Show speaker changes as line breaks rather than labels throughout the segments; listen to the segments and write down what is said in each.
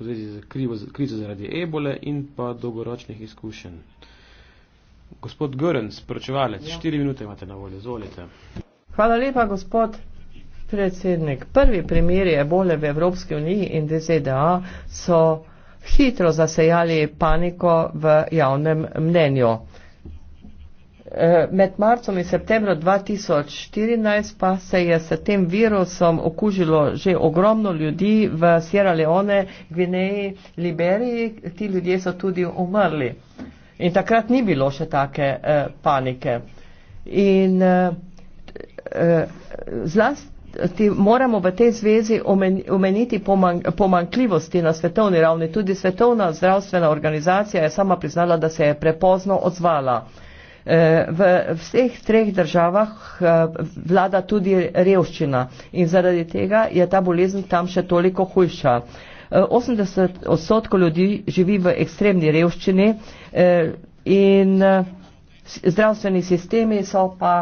v zvezi z krizo zaradi ebole in pa dolgoročnih izkušenj. Gospod Gören, spračevalec, ja. štiri minute imate na voljo, zvolite. Hvala lepa,
gospod predsednik. Prvi primeri ebole v Evropski uniji in DZDA so hitro zasejali paniko v javnem mnenju. Eh, med marcom in septembrom 2014 pa se je s tem virusom okužilo že ogromno ljudi v Sierra Leone, Gvineji, Liberiji. Ti ljudje so tudi umrli. In takrat ni bilo še take eh, panike. In eh, eh zlasti. Ti moramo v tej zvezi omeniti pomankljivosti na svetovni ravni. Tudi svetovna zdravstvena organizacija je sama priznala, da se je prepozno odzvala. Eh, Eh, v vseh treh državah eh, vlada tudi revščina in zaradi tega je ta bolezen tam še toliko hujša. 80 eh, odstotkov ljudi živi v ekstremni revščini in zdravstveni sistemi so pa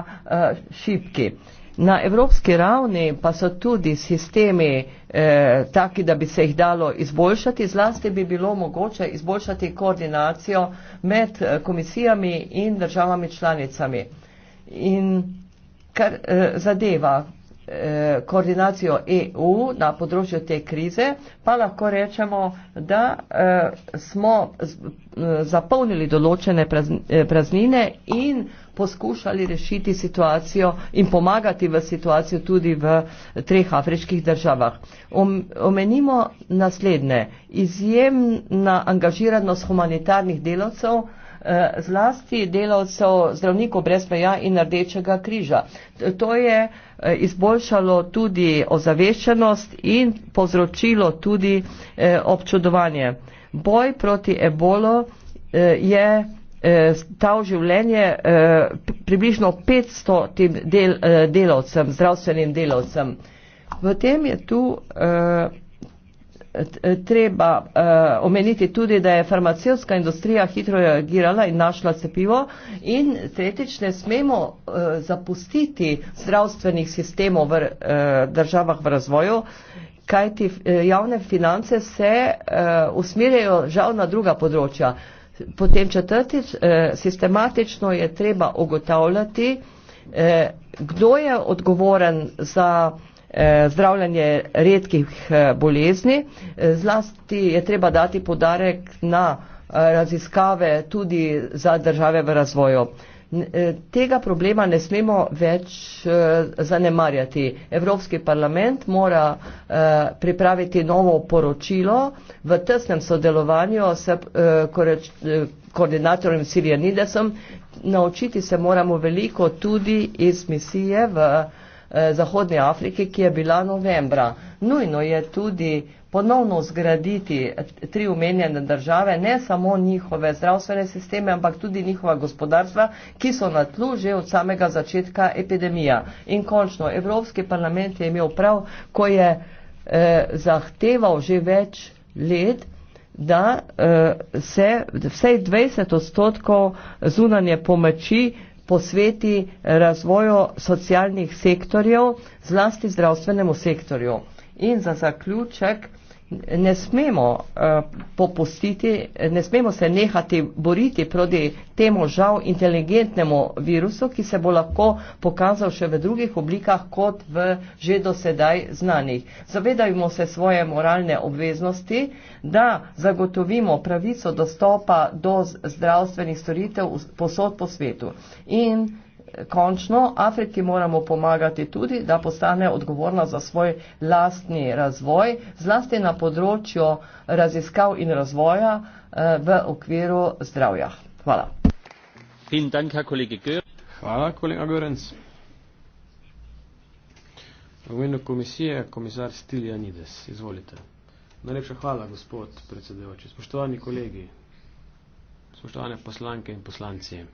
šipki. Na evropski ravni pa so tudi sistemi eh, taki, da bi se jih dalo izboljšati. Zlasti bi bilo mogoče izboljšati koordinacijo med eh, komisijami in državami članicami. In kar eh, zadeva Eh, koordinacijo EU na področju te krize, pa lahko rečemo, da eh, smo eh, zapolnili določene praznine in poskušali rešiti situacijo in pomagati v situacijo tudi v treh afriških državah. Omenimo naslednje. Izjemna angažiranost humanitarnih delovcev Eh, zlasti delavcev zdravnikov brez meja in rdečega križa. To je eh, izboljšalo tudi ozaveščenost in povzročilo tudi eh, občudovanje. Boj proti ebolo je ta v življenje približno 500 tem del, delavcem, zdravstvenim delavcem. V tem je tu treba uh, omeniti tudi, da je farmacijska industrija hitro reagirala in našla cepivo. In tretjič, ne smemo uh, zapustiti zdravstvenih sistemov v uh, državah v razvoju, kajti javne finance se uh, usmirjajo žal na druga področja. Potem četrtič, uh, sistematično je treba ugotavljati, uh, kdo je odgovoren za Eh, zdravljanje redkih eh, bolezni. Eh, zlasti je treba dati podarek na raziskave tudi za države v razvoju. Tega problema ne smemo več zanemarjati. Evropski parlament mora pripraviti novo poročilo v tesnem sodelovanju s koordinatorjem Sirijanidesom. Naučiti se moramo veliko tudi iz misije v Eh, Zahodne Afrike, ki je bila novembra. Nujno je tudi ponovno zgraditi tri umenjene države, ne samo njihove zdravstvene sisteme, ampak tudi njihova gospodarstva, ki so na tlu že od samega začetka epidemija. In končno, Evropski parlament je imel prav, ko je eh, zahteval že več let, da eh, se vsej 20 odstotkov zunanje pomoči eh, posveti razvoju socialnih sektorjev, zlasti zdravstvenemu sektorju. In za zaključek, ne smemo uh, popustiti, ne smemo se nehati boriti proti temu žal inteligentnemu virusu, ki se bo lahko pokazal še v drugih oblikah kot v že dosedaj znanih. Zavedajmo se svoje moralne obveznosti, da zagotovimo pravico dostopa do zdravstvenih storitev posod po svetu. In končno Afriki moramo pomagati tudi, da postane odgovorna za svoj lastni razvoj, zlasti na področju raziskav in razvoja eh, v okviru zdravja. Hvala.
Dank, Hvala, kolega Görenc. V imenu komisije, komisar Stilja Nides, izvolite. Najlepša hvala, gospod predsedujoči. Spoštovani kolegi, spoštovane poslanke in poslanci.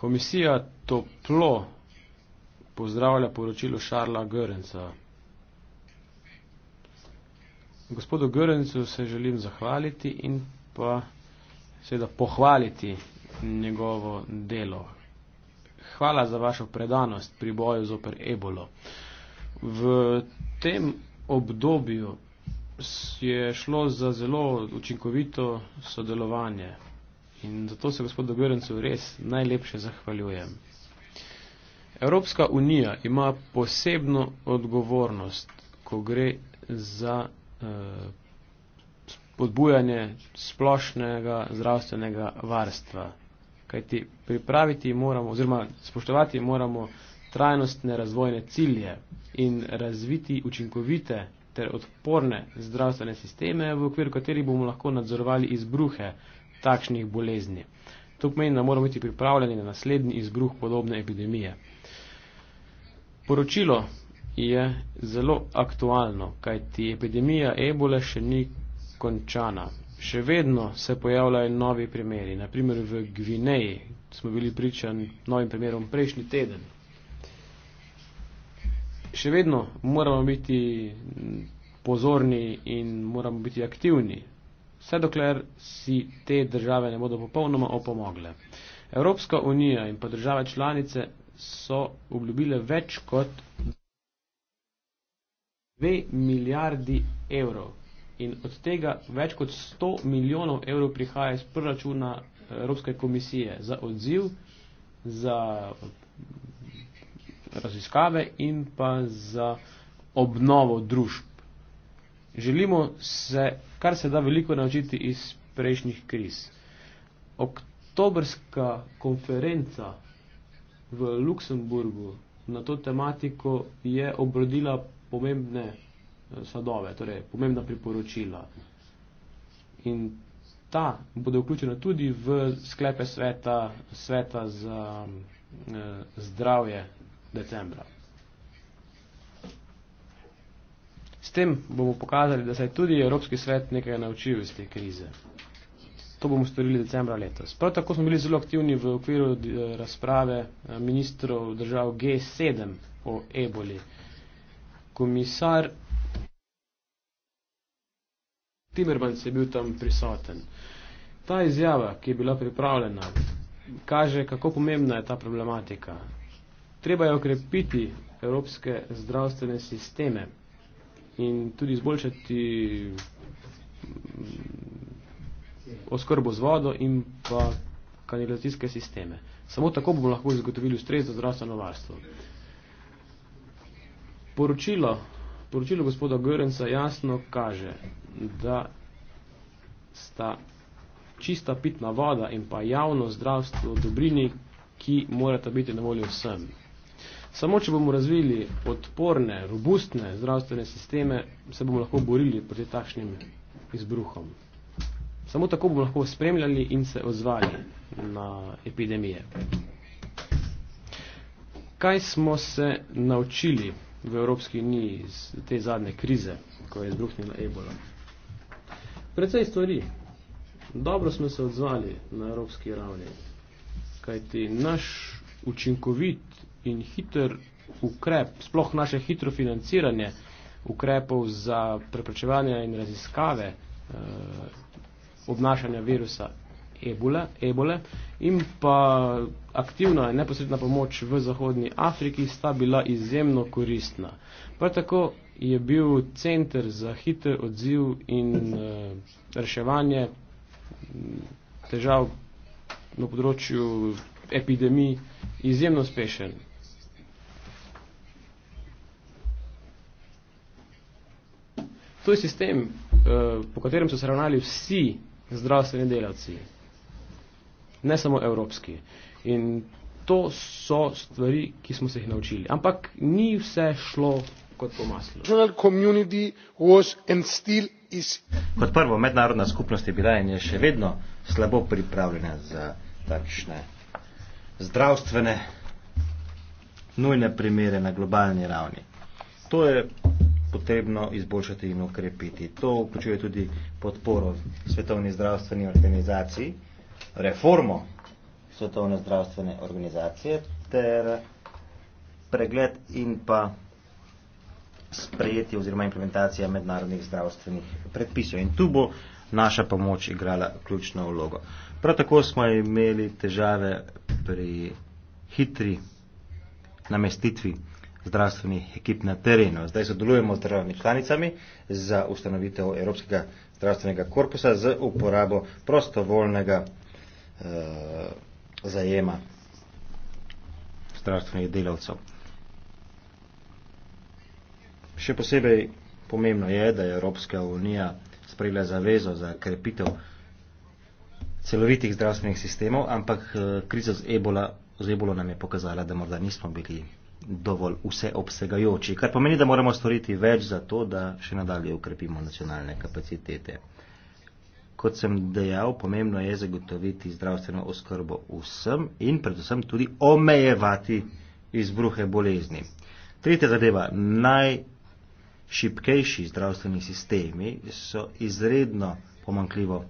Komisija toplo pozdravlja poročilo Šarla Görenca. Gospodu Görencu se želim zahvaliti in pa seveda pohvaliti njegovo delo. Hvala za vašo predanost pri boju zoper ebolo. V tem obdobju je šlo za zelo učinkovito sodelovanje. In zato se gospodu Görencu res najlepše zahvaljujem. Evropska unija ima posebno odgovornost, ko gre za eh, podbujanje splošnega zdravstvenega varstva. Kajti pripraviti moramo, oziroma spoštovati moramo trajnostne razvojne cilje in razviti učinkovite ter odporne zdravstvene sisteme, v okviru katerih bomo lahko nadzorovali izbruhe takšnih bolezni. To pomeni, da moramo biti pripravljeni na naslednji izbruh podobne epidemije. Poročilo je zelo aktualno, kajti epidemija ebole še ni končana. Še vedno se pojavljajo novi primeri. Naprimer v Gvineji smo bili pričan novim primerom prejšnji teden. Še vedno moramo biti pozorni in moramo biti aktivni vse dokler si te države ne bodo popolnoma opomogle. Evropska unija in pa države članice so obljubile več kot 2 milijardi evrov in od tega več kot 100 milijonov evrov prihaja iz proračuna Evropske komisije za odziv, za raziskave in pa za obnovo družb. Želimo se kar se da veliko naučiti iz prejšnjih kriz. Oktobrska konferenca v Luksemburgu na to tematiko je obrodila pomembne eh, sadove, torej pomembna priporočila. In ta bodo vključena tudi v sklepe sveta, sveta za eh, zdravje decembra. S tem bomo pokazali, da se je tudi Evropski svet nekaj naučil iz te krize. To bomo storili decembra letos. Prav tako smo bili zelo aktivni v okviru eh, razprave eh, ministrov držav G7 o eboli. Komisar Timmermans je bil tam prisoten. Ta izjava, ki je bila pripravljena, kaže, kako pomembna je ta problematika. Treba je okrepiti evropske zdravstvene sisteme in tudi izboljšati mm, oskrbo z vodo in pa kanalizacijske sisteme. Samo tako bomo lahko zagotovili ustrezno zdravstveno varstvo. Poročilo, poročilo gospoda Görenca jasno kaže, da sta čista pitna voda in pa javno zdravstvo dobrini, ki morata biti na voljo vsem. Samo, če bomo razvili odporne, robustne zdravstvene sisteme, se bomo lahko borili proti takšnim izbruhom. Samo tako bomo lahko spremljali in se odzvali na epidemije. Kaj smo se naučili v Evropski uniji iz te zadnje krize, ko je izbruhnila ebola? Predvsej stvari. Dobro smo se odzvali na evropski ravni, kajti naš učinkovit in hiter ukrep, sploh naše hitro financiranje ukrepov za preprečevanje in raziskave eh, obnašanja virusa ebole, ebole in pa aktivna in neposredna pomoč v Zahodni Afriki sta bila izjemno koristna. Prav tako je bil center za hiter odziv in eh, reševanje mm, težav na področju epidemij izjemno uspešen. to je sistem, eh, po katerem so se ravnali vsi zdravstveni delavci, ne samo evropski. In to so stvari, ki smo se jih naučili. Ampak ni vse šlo kot po maslu.
Kot prvo, mednarodna skupnost je bila in je še vedno slabo pripravljena za takšne zdravstvene nujne primere na globalni ravni. To je potrebno izboljšati in ukrepiti. To vključuje tudi podporo Svetovni zdravstveni organizaciji, reformo Svetovne zdravstvene organizacije ter pregled in pa sprejetje oziroma implementacija mednarodnih zdravstvenih predpisov. In tu bo naša pomoč igrala ključno vlogo. Prav tako smo imeli težave pri hitri namestitvi zdravstvenih ekip na terenu. Zdaj sodelujemo z državami članicami za ustanovitev Evropskega zdravstvenega korpusa z uporabo prostovoljnega eh, zajema zdravstvenih delavcev. Še posebej pomembno je, da je Evropska unija sprejela zavezo za krepitev celovitih zdravstvenih sistemov, ampak eh, kriza z ebola, z ebola nam je pokazala, da morda nismo bili dovolj vseobsegajoči, kar pomeni, da moramo storiti več za to, da še nadalje ukrepimo nacionalne kapacitete. Kot sem dejal, pomembno je zagotoviti zdravstveno oskrbo vsem in predvsem tudi omejevati izbruhe bolezni. Tretja zadeva. Najšipkejši zdravstveni sistemi so izredno pomankljivo eh,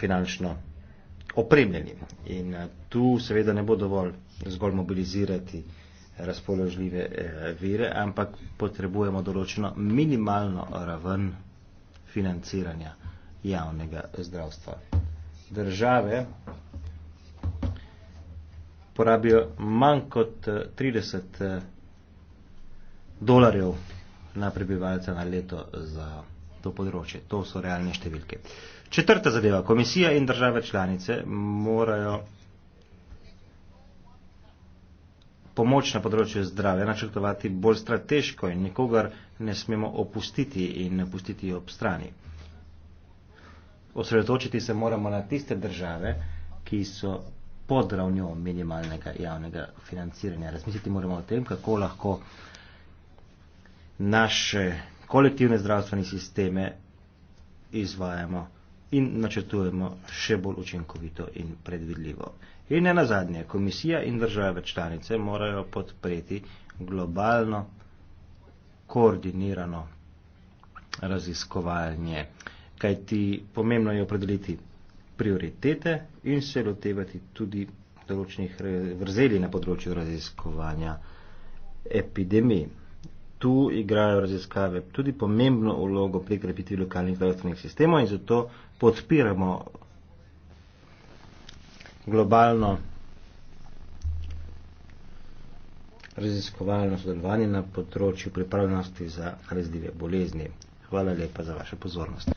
finančno opremljeni. In eh, tu seveda ne bo dovolj zgolj mobilizirati eh, razpoložljive eh, vire, ampak potrebujemo določeno minimalno raven financiranja javnega zdravstva. Države porabijo manj kot 30 eh, eh, dolarjev na prebivalca na leto za to področje. To so realne številke. Četrta zadeva. Komisija in države članice morajo pomoč na področju zdravja načrtovati bolj strateško in nikogar ne smemo opustiti in ne pustiti ob strani. Osredotočiti se moramo na tiste države, ki so pod ravnjo minimalnega javnega financiranja. Razmisliti moramo o tem, kako lahko naše kolektivne zdravstvene sisteme izvajamo in načrtujemo še bolj učinkovito in predvidljivo. In ne nazadnje, komisija in države članice morajo podpreti globalno koordinirano raziskovanje, kajti pomembno je opredeliti prioritete in se lotevati tudi določenih vrzeli na področju raziskovanja epidemij. Tu igrajo raziskave tudi pomembno ulogo pri krepitvi lokalnih zdravstvenih sistemov in zato podpiramo globalno raziskovalno sodelovanje na področju pripravljenosti za razdive bolezni. Hvala lepa za vašo pozornost.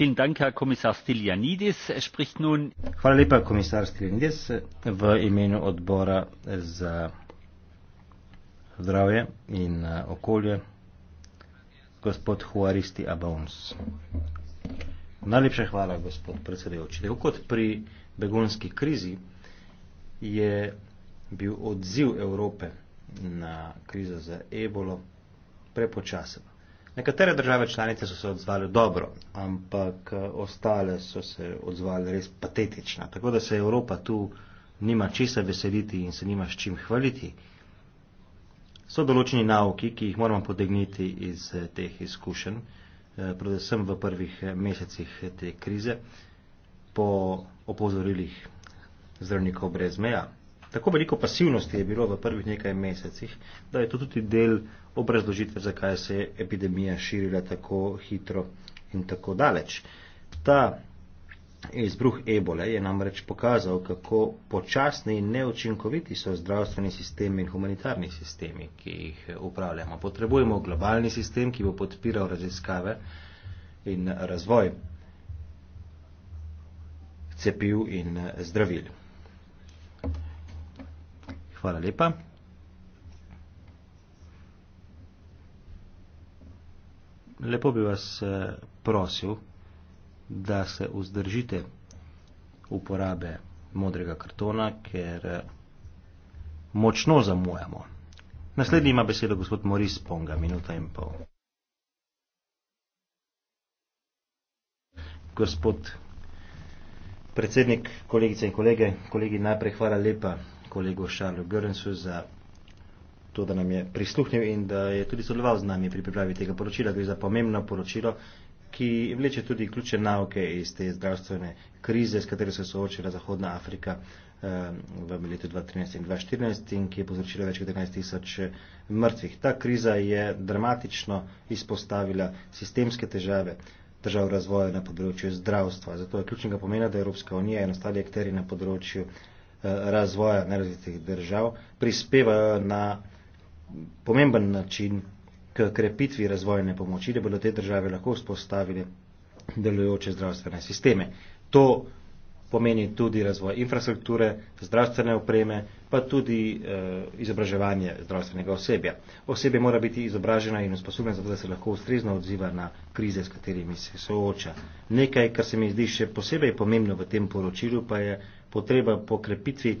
Er Hvala lepa, komisar Stiljanides. V imenu odbora za zdravje in eh, okolje gospod Huaristi Abons. Najlepša hvala, gospod predsedevči. Tako kot pri begonski krizi je bil odziv Evrope na krizo za ebolo prepočasen. Nekatere države članice so se odzvali dobro, ampak ostale so se odzvali res patetično. Tako da se Evropa tu nima česa veseliti in se nima s čim hvaliti. Uh, so določeni nauki, ki jih moramo podegniti iz eh, teh izkušenj, eh, predvsem v prvih eh, mesecih te krize, po opozorilih zdravnikov brez meja. Tako veliko pasivnosti je bilo v prvih nekaj mesecih, da je to tudi del obrazložitve, zakaj se je epidemija širila tako hitro in tako daleč. Ta Izbruh ebole je namreč pokazal, kako počasni in neučinkoviti so zdravstveni sistemi in humanitarni sistemi, ki jih upravljamo. Potrebujemo globalni sistem, ki bo podpiral raziskave in razvoj cepiv in zdravil. Hvala lepa. Lepo bi vas eh, prosil da se vzdržite uporabe modrega kartona, ker eh, močno zamujamo. Naslednji ima besedo gospod Moris Ponga, minuta in pol. Gospod predsednik, kolegice in kolege, kolegi najprej hvala lepa kolego Šarlu Görensu za to, da nam je prisluhnil in da je tudi sodeloval z nami pri pripravi tega poročila. Gre za pomembno poročilo, ki vleče tudi ključne nauke iz te zdravstvene krize, s katero se je soočila Zahodna Afrika ehm, v letu 2013 in 2014 in ki je povzročila več kot 11 tisoč eh, mrtvih. Ta kriza je dramatično izpostavila sistemske težave držav razvoja na področju zdravstva. Zato je ključnega pomena, da Evropska unija in ostali akteri na področju eh, razvoja nerazvitih držav prispevajo na pomemben način krepitvi razvojne pomoči, da bodo te države lahko vzpostavile delujoče zdravstvene sisteme. To pomeni tudi razvoj infrastrukture, zdravstvene opreme, pa tudi e, izobraževanje zdravstvenega osebja. Osebje mora biti izobražena in usposobljena za to, da se lahko ustrezno odziva na krize, s katerimi se sooča. Nekaj, kar se mi zdi še posebej pomembno v tem poročilu, pa je potreba po krepitvi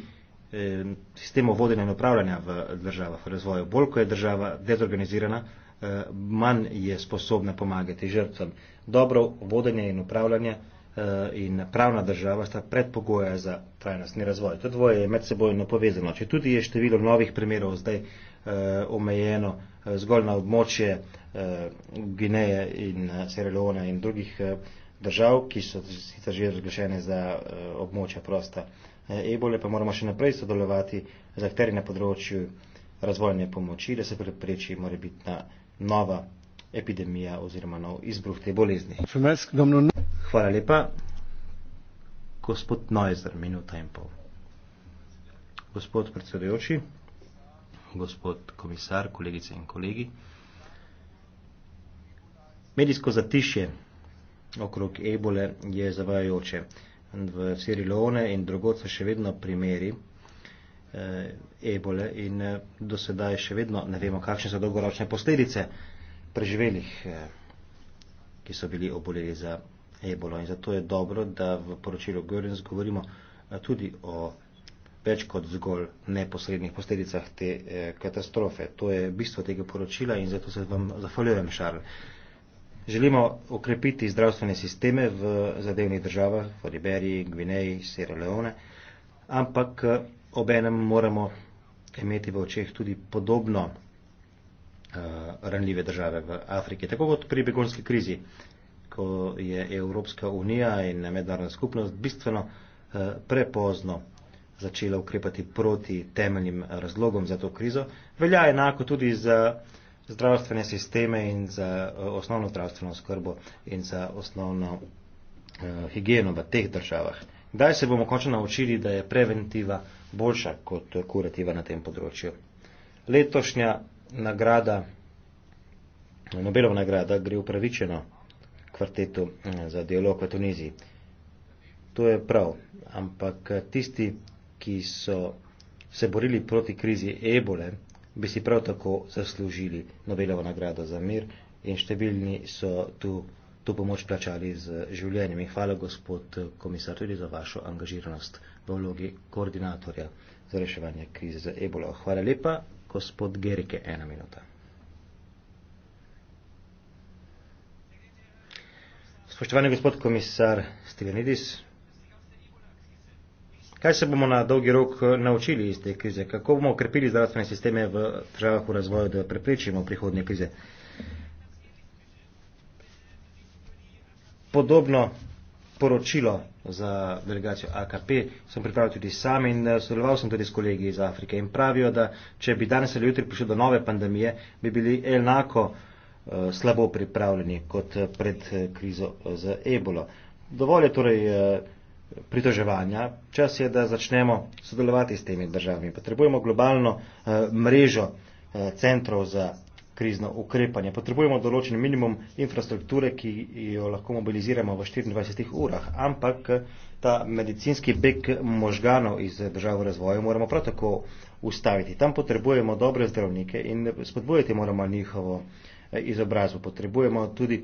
e, sistemov vodenja in upravljanja v državah v razvoju. Bolj ko je država dezorganizirana, Eh, manj je sposobna pomagati žrtvam. Dobro vodenje in upravljanje eh, in pravna država sta predpogoja za trajnostni razvoj. To dvoje je med sebojno povezano. Če tudi je število novih primerov zdaj eh, omejeno zgolj na območje Gineje in Sierra Leone in drugih držav, ki so sicer že razglašene za območja prosta ebole, pa moramo še naprej sodelovati z akteri na področju razvojne pomoči, da se prepreči morebitna nova epidemija oziroma nov izbruh te bolezni. Hvala lepa, gospod Neuser, minuta in pol. Gospod predsedujoči, gospod komisar, kolegice in kolegi. Medijsko zatišje okrog ebole je zavajajoče. V Sierra Leone in drugod so še vedno primeri, Eh, ebole in eh, do sedaj še vedno ne vemo, kakšne so dolgoročne posledice preživelih, eh, ki so bili oboleli za ebolo. In zato je dobro, da v poročilu Görens govorimo tudi o več kot zgolj neposrednih posledicah te katastrofe. To je bistvo tega poročila in zato se vam zahvaljujem, Šarl. Želimo okrepiti zdravstvene sisteme v zadevnih državah, v Liberiji, Gvineji, Sierra Leone, ampak obenem moramo imeti v očeh tudi podobno uh, ranljive države v Afriki. Tako kot pri begonski krizi, ko je Evropska unija in mednarodna skupnost bistveno uh, prepozno začela ukrepati proti temeljnim razlogom za to krizo, velja enako tudi za zdravstvene sisteme in za uh, osnovno zdravstveno skrbo in za osnovno uh, higieno v teh državah. Kdaj se bomo končno naučili, da je preventiva uh, boljša kot kurativa na tem področju. Letošnja nagrada, Nobelova nagrada, gre upravičeno kvartetu eh, za dialog v Tuniziji. To je prav, ampak eh, tisti, ki so se borili proti krizi ebole, bi si prav tako zaslužili Nobelovo nagrado za mir in številni so tu to pomoč plačali z življenjem. In hvala, gospod komisar, tudi za vašo angažiranost v vlogi koordinatorja za reševanje krize za ebolo. Hvala lepa, gospod Gerike, ena minuta. Spoštovani gospod komisar Stilenidis, kaj se bomo na dolgi rok eh, naučili iz te krize? Kako bomo okrepili zdravstvene sisteme v državah v razvoju, da preprečimo prihodne krize? podobno poročilo za delegacijo AKP sem pripravil tudi sam in eh, sodeloval sem tudi s kolegi iz Afrike in pravijo, da če bi danes ali jutri prišlo do nove pandemije, bi bili enako uh, slabo pripravljeni kot eh, pred krizo z ebolo. Dovolj je torej uh, pritoževanja, čas je, da začnemo sodelovati s temi državami. Potrebujemo globalno uh, mrežo uh, centrov za krizno ukrepanje. Potrebujemo določen minimum infrastrukture, ki jo lahko mobiliziramo v 24 urah, ampak ta medicinski beg možganov iz držav v razvoju moramo prav tako ustaviti. Tam potrebujemo dobre zdravnike in spodbujati moramo njihovo eh, izobrazbo. Potrebujemo tudi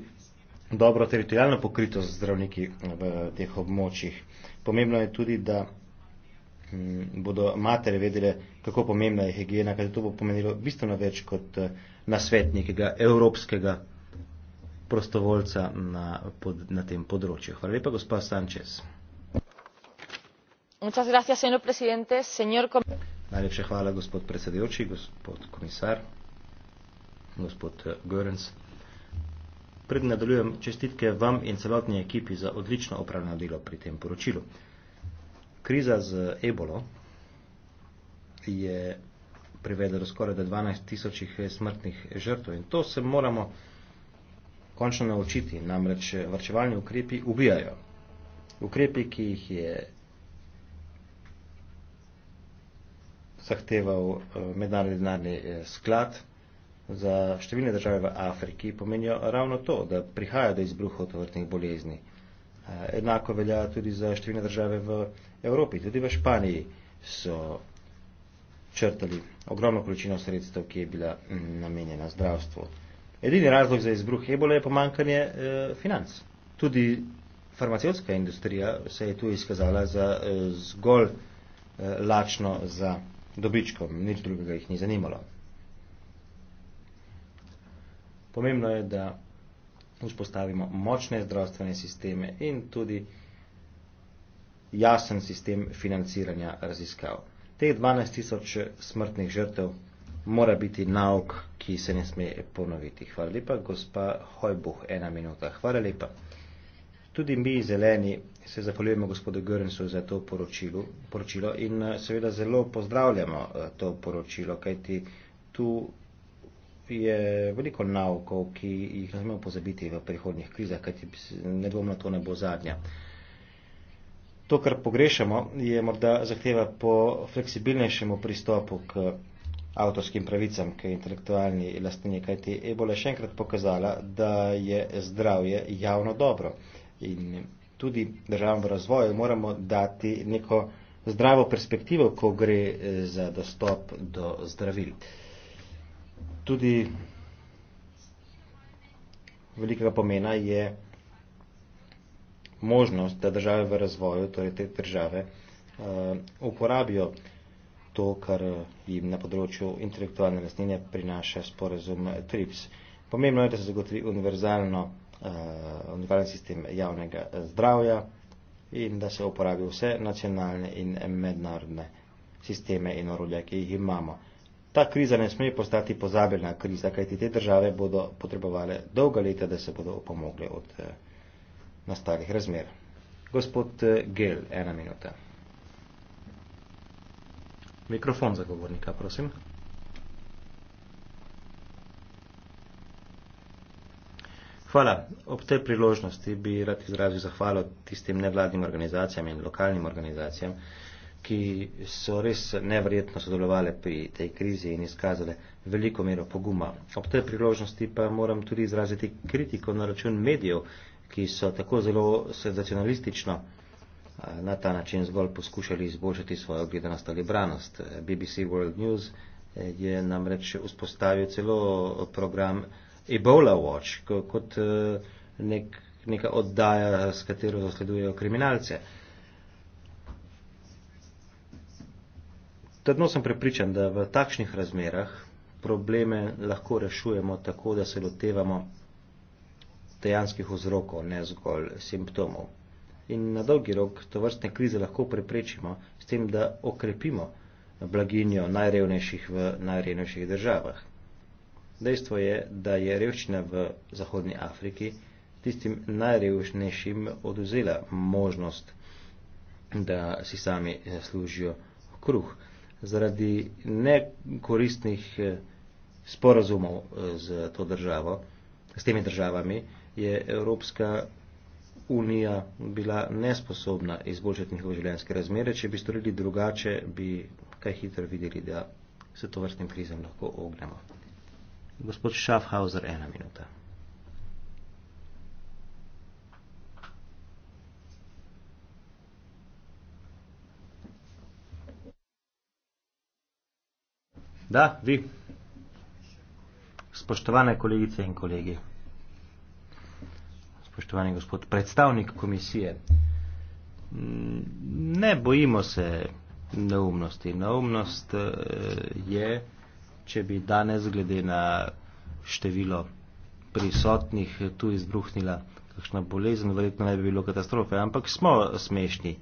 dobro teritorijalno pokritost zdravniki v teh območjih. Pomembno je tudi, da mm, bodo matere vedele, kako pomembna je higiena, kaj to bo pomenilo bistveno več kot eh, na svet nekega evropskega prostovoljca na, pod, na tem področju. Hvala lepa, gospa Sančez. Najlepše hvala, gospod predsedujoči, gospod komisar, gospod eh, Görens. Pred nadaljujem čestitke vam in celotni ekipi za odlično opravljeno delo pri tem poročilu. Kriza z ebolo je privedlo do skoraj do 12 tisočih eh, smrtnih eh, žrtev. In to se moramo končno naučiti, namreč eh, varčevalni ukrepi ubijajo. Ukrepi, ki jih je zahteval mednarodni denarni sklad za številne države v Afriki, pomenijo ravno to, da prihaja do izbruha tovrstnih bolezni. Enako velja tudi za številne države v Evropi, tudi v Španiji so črtali ogromno količino sredstev, ki je bila mm, namenjena zdravstvu. Edini razlog za izbruh ebole je pomankanje eh, financ. Tudi farmacijska industrija se je tu izkazala za eh, zgolj eh, lačno za dobičkom, nič drugega jih ni zanimalo. Pomembno je, da vzpostavimo močne zdravstvene sisteme in tudi jasen sistem financiranja raziskav. Teh 12 tisoč smrtnih žrtev mora biti nauk, ki se ne sme ponoviti. Hvala lepa, gospa Hojbuh, ena minuta. Hvala lepa. Tudi mi, zeleni, se zahvaljujemo gospodu Görnsu za to poročilo, poročilo in eh, seveda zelo pozdravljamo eh, to poročilo, kajti tu je veliko naukov, ki jih ne smemo pozabiti v prihodnjih krizah, kajti nedvomno to ne bo zadnja. To, kar pogrešamo, je morda zahteva po fleksibilnejšemu pristopu k avtorskim pravicam, k intelektualni lastnini, kajti Ebola je še enkrat pokazala, da je zdravje javno dobro. In tudi državam v razvoju moramo dati neko zdravo perspektivo, ko gre eh, za dostop do zdravil. Tudi velikega pomena je možnost, da države v razvoju, torej te države, eh, uporabijo to, kar eh, jim na področju intelektualne lastnine prinaša sporazum eh, TRIPS. Pomembno je, da se zagotovi univerzalno univerzalni sistem javnega zdravja in da se uporabi vse nacionalne in mednarodne sisteme in orodja, ki jih imamo. Ta kriza ne sme postati pozabljena kriza, kajti te države bodo potrebovale dolga leta, da se bodo opomogle od eh, nastalih razmer. Gospod eh, Gel, ena minuta. Mikrofon za govornika, prosim. Hvala. Ob tej priložnosti bi rad izrazil zahvalo tistim nevladnim organizacijam in lokalnim organizacijam, ki so res neverjetno sodelovali pri tej krizi in izkazali veliko mero poguma. Ob tej priložnosti pa moram tudi izraziti kritiko na račun medijev, ki so tako zelo senzacionalistično eh, na ta način zgolj poskušali izboljšati svojo gledanost ali branost. BBC World News eh, je namreč vzpostavil celo program Ebola Watch kot eh, nek, neka oddaja, s katero zasledujejo kriminalce. Trdno sem prepričan, da v takšnih razmerah probleme lahko rešujemo tako, da se lotevamo dejanskih vzrokov, ne zgolj simptomov. In na dolgi rok to vrstne krize lahko preprečimo s tem, da okrepimo blaginjo najrevnejših v najrevnejših državah. Dejstvo je, da je revščina v Zahodnji Afriki tistim najrevnejšim oduzela možnost, da si sami zaslužijo kruh. Zaradi nekoristnih eh, sporazumov eh, z to državo, s temi državami, je Evropska unija bila nesposobna izboljšati njihove življenjske razmere. Če bi storili drugače, bi kaj hitro videli, da se to vrstnim krizem lahko ognemo. Gospod Schaffhauser, ena minuta. Da, vi. Spoštovane kolegice in kolegi poštovani gospod predstavnik komisije. Mm, ne bojimo se neumnosti. Neumnost eh, je, če bi danes glede na število prisotnih tu izbruhnila kakšna bolezen, verjetno ne bi bilo katastrofe, ampak smo smešni.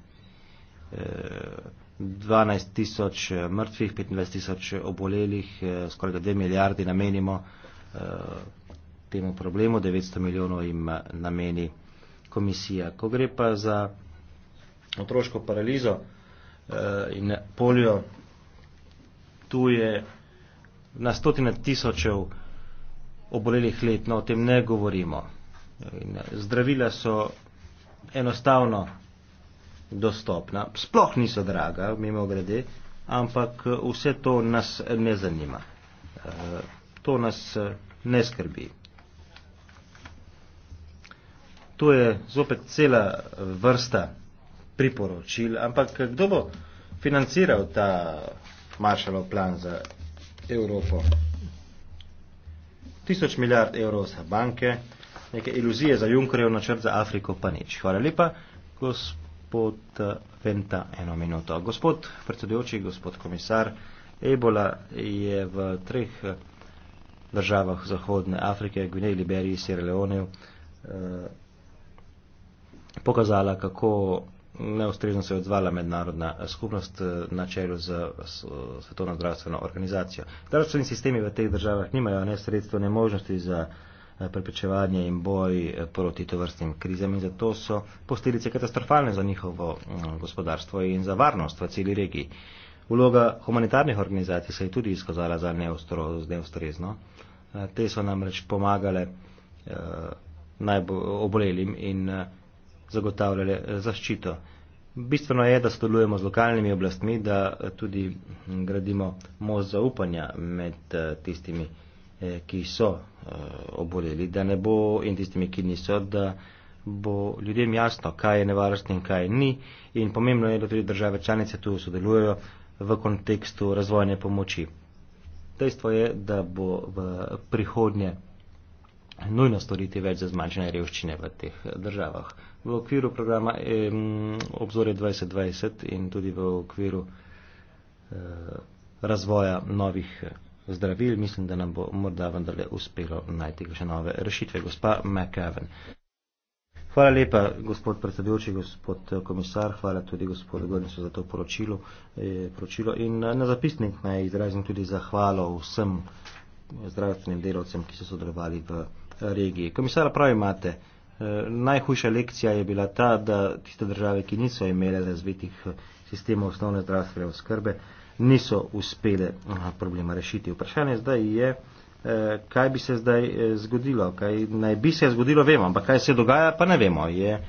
12 eh, tisoč eh, mrtvih, 25 tisoč obolelih, skoraj 2 milijardi namenimo temu problemu, 900 milijonov jim eh, nameni komisija. Ko gre pa za otroško paralizo eh, in polijo, tu je na stotine tisočev obolelih let, no o tem ne govorimo. In eh, zdravila so enostavno dostopna, sploh niso draga, mimo grede, ampak eh, vse to nas ne zanima. To nas ne skrbi to je zopet cela eh, vrsta priporočil, ampak eh, kdo bo financiral ta Marshallov plan za Evropo? Tisoč milijard evrov za banke, neke iluzije za Junkerjev načrt za Afriko, pa nič. Hvala lepa, gospod eh, Venta, eno minuto. Gospod predsedujoči, gospod komisar, ebola je v treh državah Zahodne Afrike, Gvineji, Liberiji, Sierra Leoneju, pokazala, kako neustrezno se je odzvala mednarodna eh, skupnost eh, na čelu z Svetovno zdravstveno organizacijo. Zdravstveni sistemi v teh državah nimajo ne sredstvo, ne možnosti za eh, preprečevanje in boj proti tovrstnim krizam in zato so posledice katastrofalne za njihovo mm, gospodarstvo in za varnost v celi regiji. Vloga humanitarnih organizacij se je tudi izkazala za neustrezno. Te so namreč pomagale najbolj obolelim in zagotavljale eh, zaščito. Bistveno je, da sodelujemo z lokalnimi oblastmi, da eh, tudi hm, gradimo most zaupanja med eh, tistimi, ki so oboleli, da ne bo in tistimi, ki niso, da bo ljudem jasno, kaj je nevarnost in kaj ni. In pomembno je, da tudi države članice tu sodelujejo v kontekstu razvojne pomoči. Dejstvo je, da bo v prihodnje nujno storiti več za zmanjšanje revščine v teh državah. V okviru programa eh, Obzorje 2020 in tudi v okviru eh, razvoja novih eh, zdravil, mislim, da nam bo morda vendarle uspelo najti še nove rešitve. Gospa McAven. Hvala lepa, gospod predsedujoči, gospod eh, komisar, hvala tudi gospodu Gornicu za to poročilo, eh, poročilo. In eh, na zapisnik naj izrazim tudi zahvalo vsem zdravstvenim delavcem, ki so sodelovali v regiji. Komisar pravi, imate, e, najhujša lekcija je bila ta, da tiste države, ki niso imele razvitih e, sistemov osnovne zdravstvene oskrbe, niso uspele problema rešiti. Vprašanje zdaj je, e, kaj bi se zdaj zgodilo, kaj naj bi se zgodilo, vemo, ampak kaj se dogaja, pa ne vemo. Je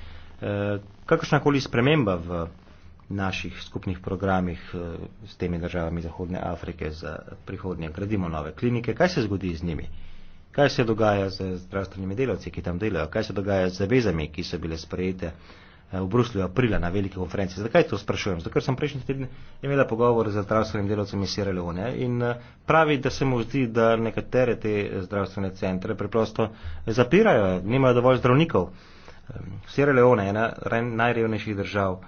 kakršnakoli sprememba v naših skupnih programih s temi državami Zahodne Afrike za prihodnje, gradimo nove klinike, kaj se zgodi z njimi? kaj se dogaja z zdravstvenimi delavci, ki tam delajo, kaj se dogaja z zavezami, ki so bile sprejete eh, v Bruslju aprila na veliki konferenci. Zakaj to sprašujem? Zato, ker sem prejšnji teden imela pogovor z zdravstvenim delavcem iz Sierra Leone in eh, pravi, da se mu zdi, da nekatere te zdravstvene centre preprosto zapirajo, nimajo dovolj zdravnikov. Eh, Sierra Leone je ena najrevnejših držav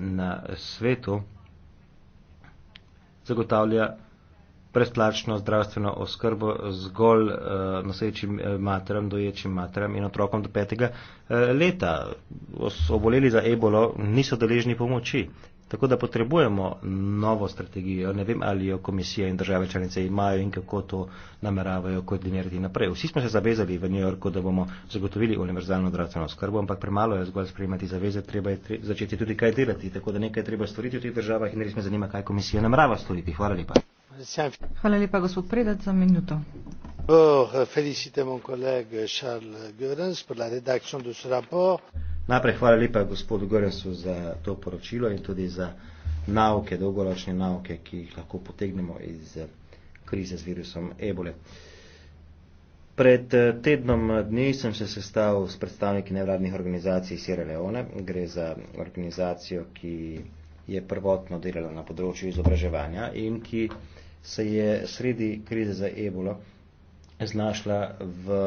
na svetu, zagotavlja brezplačno zdravstveno oskrbo zgolj uh, nosečim eh, materam, doječim materam in otrokom do petega uh, leta. Oboleli za ebolo niso deležni pomoči. Tako da potrebujemo novo strategijo. Ne vem, ali jo komisija in države članice imajo in kako to nameravajo koordinirati naprej. Vsi smo se zavezali v New Yorku, da bomo zagotovili univerzalno zdravstveno skrbo, ampak premalo je zgolj sprejemati zaveze, treba je tre začeti tudi kaj delati. Tako da nekaj treba storiti v teh državah in res me zanima, kaj komisija namerava storiti. Hvala lepa.
Hvala lepa, gospod Predat, za minuto.
Oh,
Najprej hvala lepa gospodu Gorensu za to poročilo in tudi za nauke, dolgoročne nauke, ki jih lahko potegnemo iz eh, krize z virusom ebole. Pred eh, tednom dni sem se sestal s predstavniki nevladnih organizacij Sierra Leone. Gre za organizacijo, ki je prvotno delala na področju izobraževanja in ki se je sredi krize za ebolo znašla v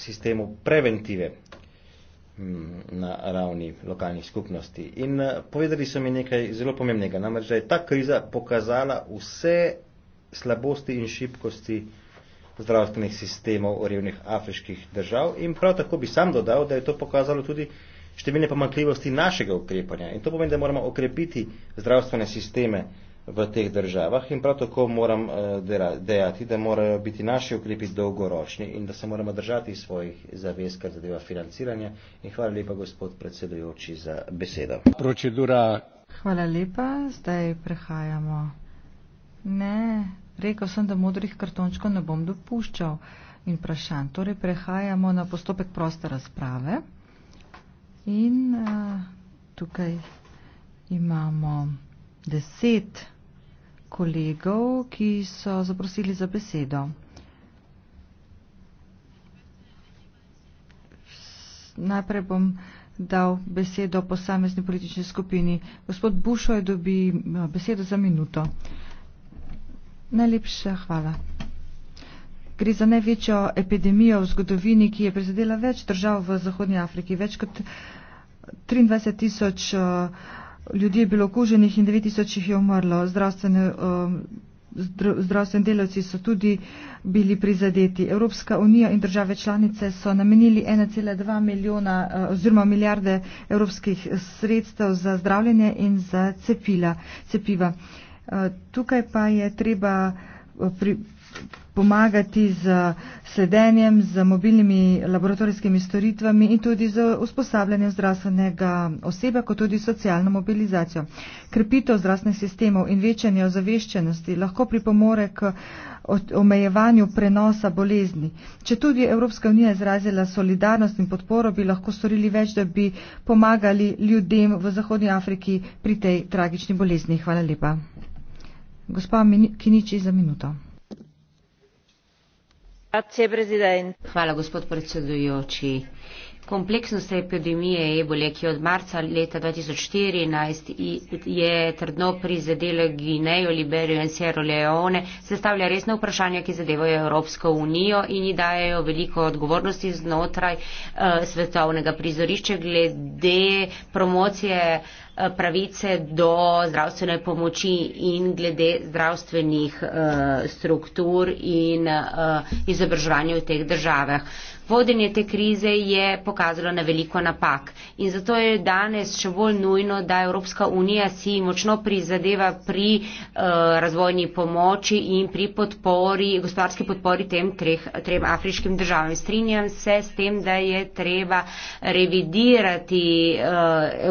sistemu preventive Mm, na ravni lokalnih skupnosti. In eh, povedali so mi nekaj zelo pomembnega, namreč, da je ta kriza pokazala vse slabosti in šibkosti zdravstvenih sistemov revnih afriških držav in prav tako bi sam dodal, da je to pokazalo tudi številne pomankljivosti našega ukrepanja. In to pomeni, da moramo okrepiti zdravstvene sisteme v teh državah in prav tako moram eh, dejati, da morajo biti naši ukrepi dolgoročni in da se moramo držati svojih zavez, kar zadeva financiranje. In hvala lepa, gospod predsedujoči, za besedo.
Procedura.
Hvala lepa, zdaj prehajamo. Ne, rekel sem, da modrih kartončkov ne bom dopuščal in vprašan. Torej prehajamo na postopek proste razprave in a, eh, tukaj imamo deset kolegov, ki so zaprosili za besedo. Najprej bom dal besedo posamezni politični skupini. Gospod Bušoj dobi eh, besedo za minuto. Najlepša hvala. Gre za največjo epidemijo v zgodovini, ki je prizadela več držav v Zahodnji Afriki. Več kot 23 tisoč eh, ljudi je bilo okuženih in 9000 jih je umrlo. Zdravstvene, um, zdravstveni delavci so tudi bili prizadeti. Evropska unija in države članice so namenili 1,2 milijona uh, oziroma milijarde evropskih sredstev za zdravljenje in za cepila, cepiva. Uh, tukaj pa je treba uh, pri, pomagati z sledenjem, z mobilnimi laboratorijskimi storitvami in tudi z usposabljanjem zdravstvenega osebja, kot tudi socialno mobilizacijo. Krepitev zdravstvenih sistemov in večanje ozaveščenosti lahko pripomore k omejevanju prenosa bolezni. Če tudi Evropska unija izrazila solidarnost in podporo, bi lahko storili več, da bi pomagali ljudem v Zahodnji Afriki pri tej tragični bolezni. Hvala lepa. Gospa Kiniči za minuto
gospod predsedujoči. Kompleksnost epidemije ebole, ki je od marca leta 2014 je trdno prizadela Gvinejo, Liberijo in Sierra Leone, se stavlja resno vprašanje, ki zadevajo Evropsko unijo in ji dajo veliko odgovornosti znotraj uh, svetovnega prizorišča glede promocije eh, pravice do zdravstvene pomoči in glede zdravstvenih uh, struktur in uh, izobraževanja v teh državah. Uh, vodenje te krize je pokazalo na veliko napak. In zato je danes še bolj nujno, da Evropska unija si močno prizadeva pri uh, razvojni pomoči in pri podpori, gospodarski podpori tem treh, trem afriškim državam. Strinjam se s tem, da je treba revidirati uh,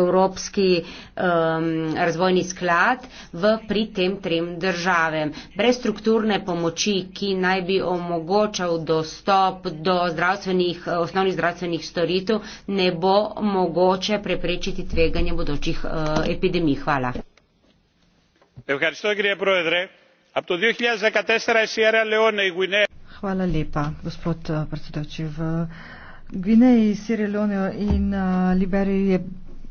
Evropski um, razvojni sklad v, pri tem trem državam. Brez strukturne pomoči, ki naj bi omogočal dostop do zdravstvenih zdravstvenih, eh, osnovnih zdravstvenih storitev ne bo mogoče preprečiti tveganje bodočih uh, epidemij. Hvala. Hvala lepa, gospod eh, predsedoči. V
Gvineji, Sierra Leoneju in uh, Liberiji je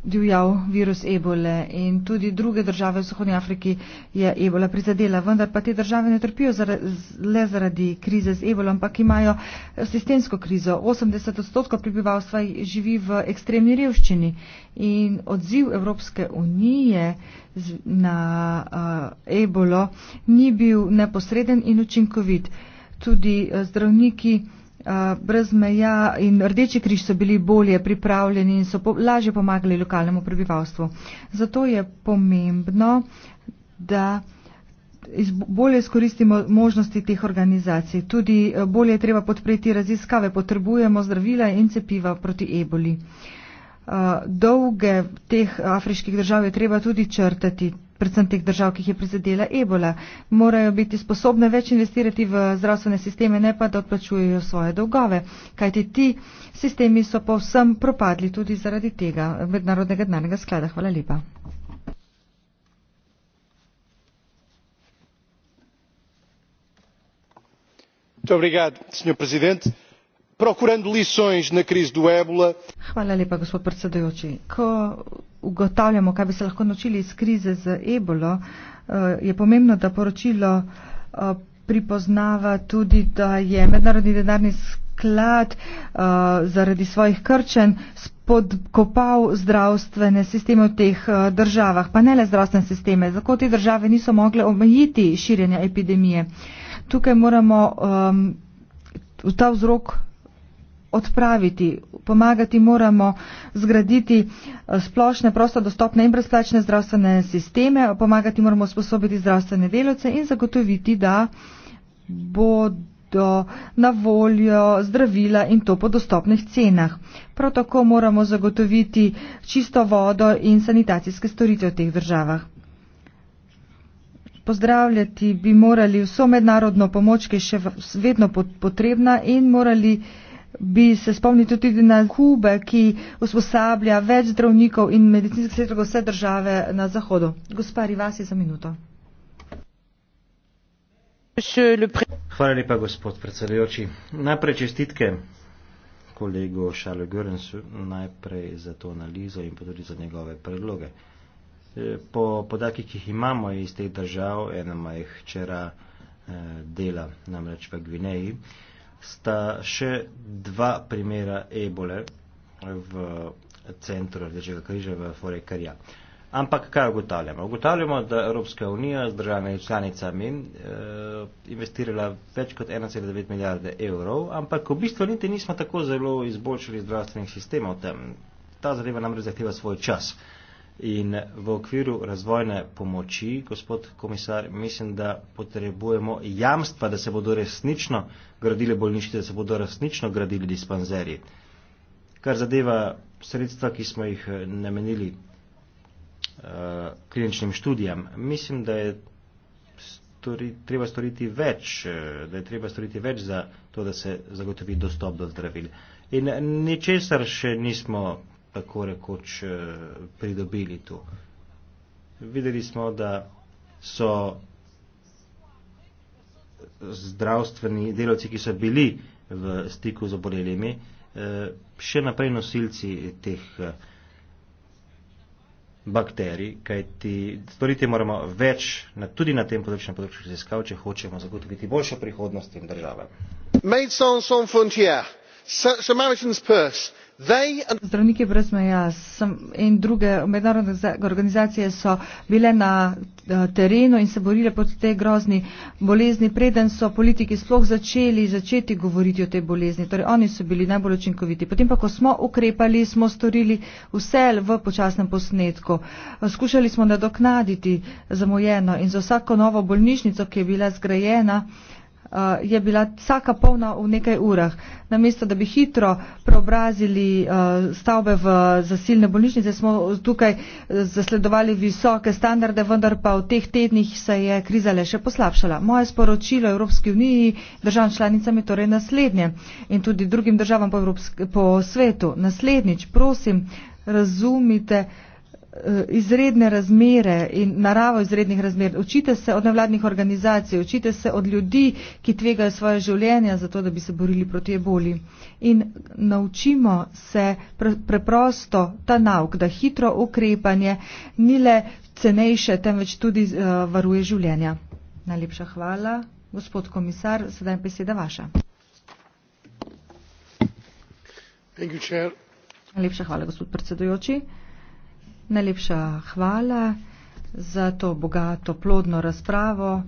divjal virus ebole in tudi druge države v Zahodnji Afriki je ebola prizadela, vendar pa te države ne trpijo zaradi, le zaradi krize z ebolo, ampak imajo eh, sistemsko krizo. 80 odstotkov prebivalstva živi v ekstremni revščini in odziv Evropske unije na uh, ebolo ni bil neposreden in učinkovit. Tudi uh, zdravniki uh, brez meja in Rdeči križ so bili bolje pripravljeni in so po, lažje pomagali lokalnemu prebivalstvu. Zato je pomembno, da iz, bolje skoristimo možnosti teh organizacij. Tudi bolje je treba podpreti raziskave, potrebujemo zdravila in cepiva proti eboli. Uh, dolge teh afriških držav je treba tudi črtati predvsem teh držav, ki jih je prizadela ebola, morajo biti sposobne več investirati v zdravstvene sisteme, ne pa da odplačujejo svoje dolgove. Kajti ti sistemi so povsem propadli tudi zaradi tega mednarodnega denarnega sklada. Hvala lepa. Hvala lepa, gospod predsedujoči. Ko ugotavljamo, kaj bi se lahko naučili iz krize z ebolo, eh, je pomembno, da poročilo eh, pripoznava tudi, da je mednarodni denarni sklad eh, zaradi svojih krčen podkopal zdravstvene sisteme v teh državah, pa ne le zdravstvene sisteme, zato te države niso mogle omejiti širjenja epidemije. Tukaj moramo um, ta vzrok odpraviti. Pomagati moramo zgraditi eh, splošne, prosto dostopne in brezplačne zdravstvene sisteme, pomagati moramo sposobiti zdravstvene delovce in zagotoviti, da bodo na voljo zdravila in to po dostopnih cenah. Prav tako moramo zagotoviti čisto vodo in sanitacijske storitve v teh državah. Pozdravljati bi morali vso mednarodno pomoč, ki je še vedno potrebna in morali bi se spomnili tudi na Kube, ki usposablja več zdravnikov in medicinskih sestrov vse države na Zahodu. Gospa Rivasi za minuto.
Hvala lepa, gospod predsedujoči. Najprej čestitke kolegu Šarlu Görensu najprej za to analizo in pa tudi za njegove predloge. E, po podatkih, ki jih imamo iz teh držav, ena majhčera e, dela namreč v Gvineji, sta še dva primera ebole v centru Rdečega križa v Fore Karja. Ampak kaj ugotavljamo? Ugotavljamo, da Evropska unija z državami članicami eh, investirala več kot 1,9 milijarde evrov, ampak v bistvu niti nismo tako zelo izboljšali zdravstvenih sistemov tam. Ta zadeva namreč zahteva svoj čas. Eh, In v okviru razvojne pomoči, gospod komisar, mislim, da potrebujemo jamstva, da se bodo resnično gradili bolnišnice, da se bodo resnično gradili dispanzeri. Kar zadeva sredstva, ki smo jih eh, namenili uh, kliničnim študijam, mislim, da je stori, treba storiti več, eh, da je treba storiti več za to, da se zagotovi dostop do zdravil. In ničesar še nismo tako rekoč eh, pridobili tu. Videli smo, da so zdravstveni delavci, ki so bili v stiku z obolelimi, eh, še naprej nosilci teh eh, bakterij, kajti storiti moramo več na, tudi na tem področju, na področju raziskav, če hočemo zagotoviti boljšo prihodnost tem državam. Médecins sans frontières
zdravniki brez meja in druge mednarodne organizacije so bile na eh, terenu in se borile proti tej grozni bolezni preden so politiki sploh začeli začeti govoriti o tej bolezni torej oni so bili najbolj učinkoviti potem pa ko smo ukrepali smo storili vse v počasnem posnetku skušali smo nadoknaditi zamujeno in za vsako novo bolnišnico ki je bila zgrajena uh, je bila vsaka polna v nekaj urah. Namesto, da bi hitro preobrazili uh, stavbe v zasilne bolnišnice, smo tukaj eh, zasledovali visoke standarde, vendar pa v teh tednih se je kriza le še poslabšala. Moje sporočilo Evropski uniji državam članicam je torej naslednje in tudi drugim državam po, Evropske, po svetu. Naslednjič, prosim, razumite, Eh, izredne razmere in naravo izrednih razmer. Učite se od nevladnih organizacij, učite se od ljudi, ki tvegajo svoje življenja za to, da bi se borili proti eboli. In naučimo se preprosto ta nauk, da hitro ukrepanje ni le cenejše, temveč tudi eh, varuje življenja. Najlepša hvala. Gospod komisar, sedaj je beseda vaša. Najlepša hvala, gospod predsedujoči. Najlepša hvala za to bogato, plodno razpravo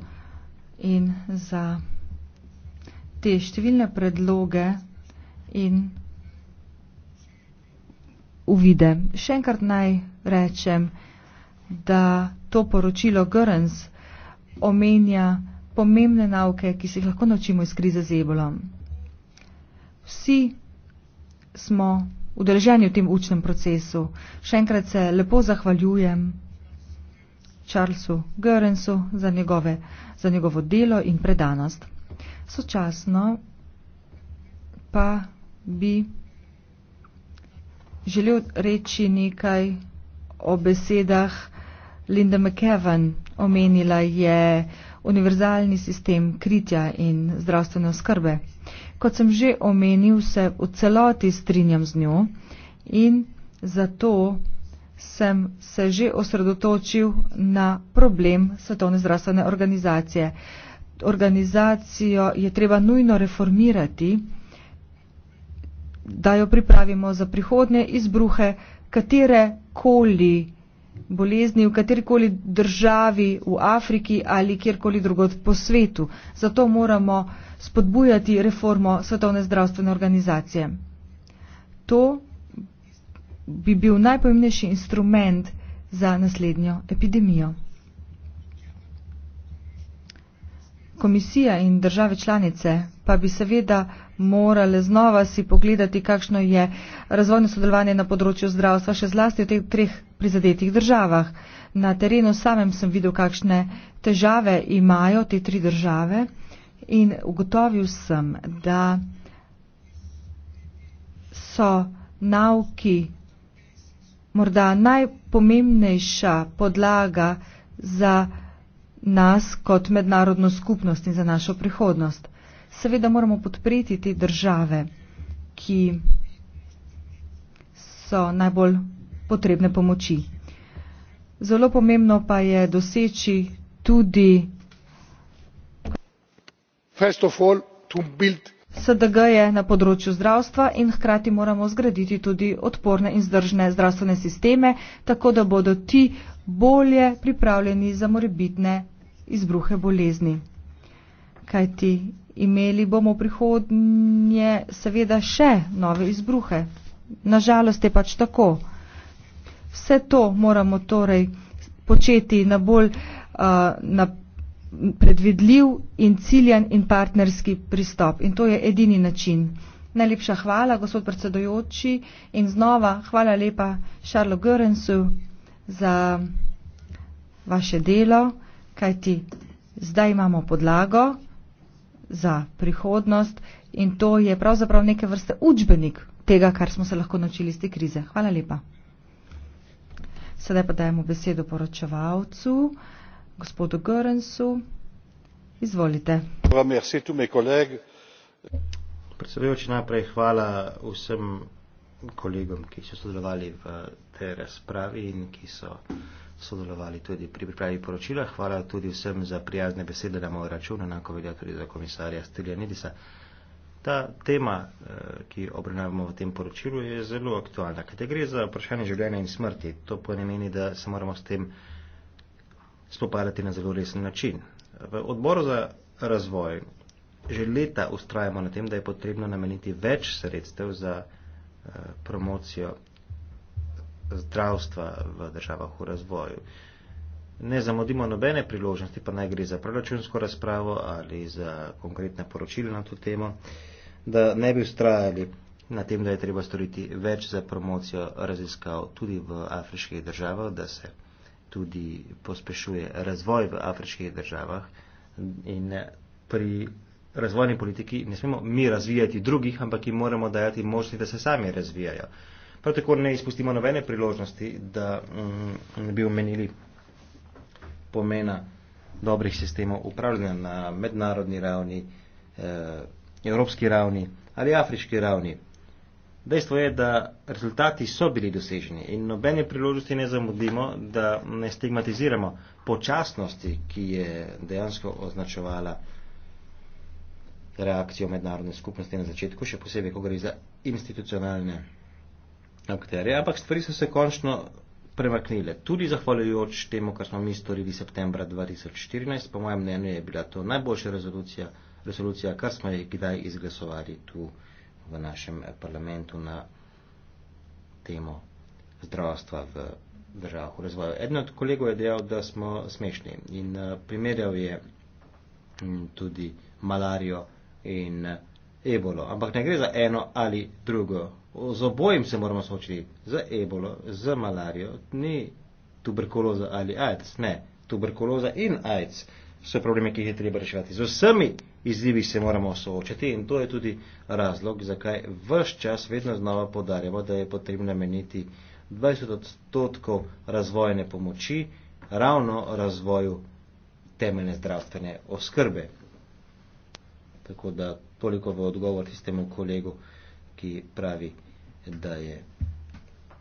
in za te številne predloge in uvide. Še enkrat naj rečem, da to poročilo Gorens omenja pomembne nauke, ki se jih lahko naučimo iz krize z ebolom. Vsi smo udeleženi v tem učnem procesu. Še enkrat se lepo zahvaljujem Charlesu Görensu za, njegove, za njegovo delo in predanost. Sočasno pa bi želel reči nekaj o besedah Linda McEwan, omenila, je univerzalni sistem kritja in zdravstvene oskrbe. Kot sem že omenil, se v celoti strinjam z njo in zato sem se že osredotočil na problem Svetovne zdravstvene organizacije. Organizacijo je treba nujno reformirati, da jo pripravimo za prihodne izbruhe, katere koli bolezni v katerikoli državi v Afriki ali kjerkoli drugod po svetu. Zato moramo spodbujati reformo Svetovne zdravstvene organizacije. To bi bil najpomembnejši instrument za naslednjo epidemijo. Komisija in države članice pa bi seveda morali znova si pogledati, kakšno je razvojno sodelovanje na področju zdravstva, še zlasti v teh treh prizadetih državah. Na terenu samem sem videl, kakšne težave imajo te tri države in ugotovil sem, da so nauki morda najpomembnejša podlaga za nas kot mednarodno skupnost in za našo prihodnost seveda moramo podpreti te države, ki so najbolj potrebne pomoči. Zelo pomembno pa je doseči tudi SDG-je na področju zdravstva in hkrati moramo zgraditi tudi odporne in zdržne zdravstvene sisteme, tako da bodo ti bolje pripravljeni za morebitne izbruhe bolezni. Kajti Imeli bomo prihodnje seveda še nove izbruhe. Nažalost je pač tako. Vse to moramo torej početi na bolj uh, na predvidljiv in ciljan in partnerski pristop. In to je edini način. Najlepša hvala, gospod predsedojoči, in znova hvala lepa Šarlo Görensu za vaše delo, kajti zdaj imamo podlago za prihodnost in to je pravzaprav neke vrste učbenik tega, kar smo se lahko naučili iz te krize. Hvala lepa. Sedaj pa dajemo besedo poročevalcu, gospodu Görensu. Izvolite.
Predsedujoči, najprej hvala vsem kolegom, ki so sodelovali v tej razpravi in ki so sodelovali tudi pri pripravi poročila. Hvala tudi vsem za prijazne besede na moj račun, enako velja tudi za komisarja Stilja Nidisa. Ta tema, eh, ki obravnavamo v tem poročilu, je zelo aktualna. Kaj gre za vprašanje življenja in smrti, to pomeni, da se moramo s tem spopadati na zelo resen način. V odboru za razvoj že leta ustrajamo na tem, da je potrebno nameniti več sredstev za eh, promocijo zdravstva v državah v razvoju. Ne zamudimo nobene priložnosti, pa naj gre za proračunsko razpravo ali za konkretne poročile na to temo, da ne bi ustrajali na tem, da je treba storiti več za promocijo raziskav tudi v afriških državah, da se tudi pospešuje razvoj v afriških državah in pri razvojni politiki ne smemo mi razvijati drugih, ampak jim moramo dajati možnosti, da se sami razvijajo. Prav tako ne izpustimo nobene priložnosti, da mm, ne bi omenili pomena dobrih sistemov upravljanja na mednarodni ravni, eh, evropski ravni ali afriški ravni. Dejstvo je, da rezultati so bili doseženi in nobene priložnosti ne zamudimo, da ne stigmatiziramo počasnosti, ki je dejansko označevala reakcijo mednarodne skupnosti na začetku, še posebej, ko gre za institucionalne akterje, ampak stvari so se končno premaknile. Tudi zahvaljujoč temu, kar smo mi storili septembra 2014, po mojem mnenju je bila to najboljša rezolucija, rezolucija kar smo jih kdaj izglasovali tu v našem parlamentu na temo zdravstva v državah v razvoju. Eden od kolegov je dejal, da smo smešni in eh, primerjal je mm, tudi malarijo in eh, ebolo, ampak ne gre za eno ali drugo z obojim se moramo soočiti, z ebolo, z malarijo, ni tuberkuloza ali AIDS, ne, tuberkuloza in AIDS so probleme, ki jih je treba reševati. Z vsemi izzivi se moramo soočiti in to je tudi razlog, zakaj vse čas vedno znova podarjamo, da je potrebno nameniti 20 odstotkov razvojne pomoči ravno razvoju temeljne zdravstvene oskrbe. Tako da toliko v odgovor tistemu kolegu ki pravi, da je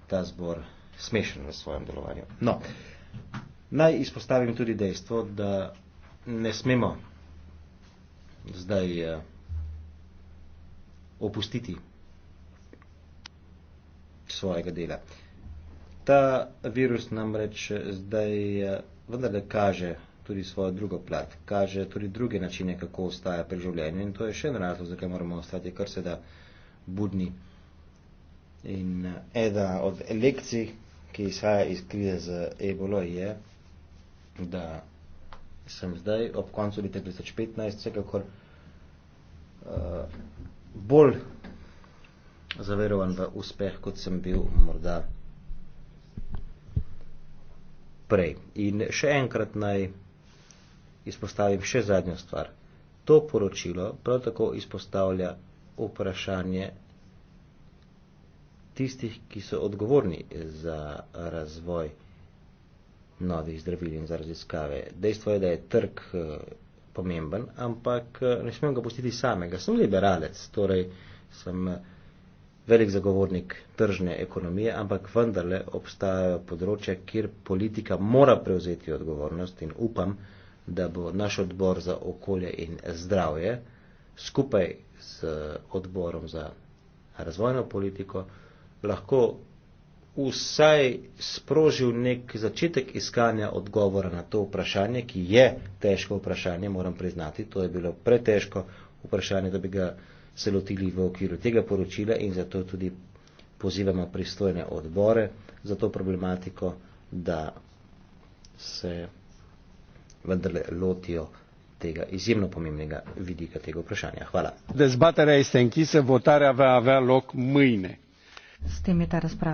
ta zbor smešen na svojem delovanju. No, naj izpostavim tudi dejstvo, da ne smemo zdaj eh, opustiti svojega dela. Ta virus namreč eh, zdaj eh, vendar da kaže tudi svojo drugo plat, kaže tudi druge načine, kako ostaja pri življenju in to je še en razlog, zakaj moramo ostati kar se da budni. In eh, ena od lekcij, ki izhaja iz krize z ebolo, je, da sem zdaj ob koncu leta 2015 vsekakor uh, bolj zaverovan v uspeh, kot sem bil morda prej. In še enkrat naj izpostavim še zadnjo stvar. To poročilo prav tako izpostavlja vprašanje tistih, ki so odgovorni za razvoj novih zdravil in za raziskave. Dejstvo je, da je trg eh, pomemben, ampak eh, ne smem ga pustiti samega. Sem liberalec, torej sem eh, velik zagovornik tržne ekonomije, ampak vendarle obstajajo področja, kjer politika mora prevzeti odgovornost in upam, da bo naš odbor za okolje in zdravje skupaj z odborom za razvojno politiko lahko vsaj sprožil nek začetek iskanja odgovora na to vprašanje, ki je težko vprašanje, moram priznati, to je bilo pretežko vprašanje, da bi ga se lotili v okviru tega poročila in zato tudi pozivamo pristojne odbore za to problematiko, da se vendarle lotijo tega izjemno pomembnega vidika tega vprašanja. Hvala.
Dezbatere iz tenki se votarja v avelok mlinje.
S tem je ta razprava.